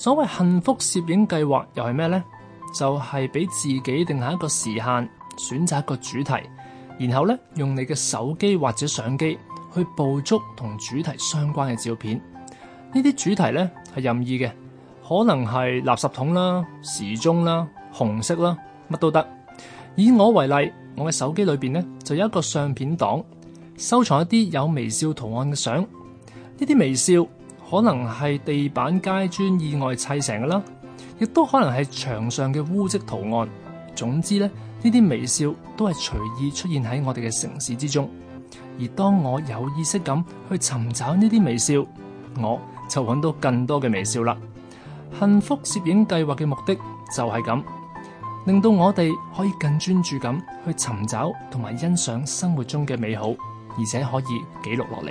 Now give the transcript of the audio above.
所謂幸福攝影計劃又係咩呢？就係、是、俾自己定下一個時限，選擇一個主題，然後咧用你嘅手機或者相機去捕捉同主題相關嘅照片。呢啲主題呢係任意嘅，可能係垃圾桶啦、時鐘啦、紅色啦，乜都得。以我為例，我嘅手機裏邊呢，就有一個相片檔，收藏一啲有微笑圖案嘅相。呢啲微笑。可能係地板街磚意外砌成㗎啦，亦都可能係牆上嘅污漬圖案。總之咧，呢啲微笑都係隨意出現喺我哋嘅城市之中。而當我有意識咁去尋找呢啲微笑，我就揾到更多嘅微笑啦。幸福攝影計劃嘅目的就係咁，令到我哋可以更專注咁去尋找同埋欣賞生活中嘅美好，而且可以記錄落嚟。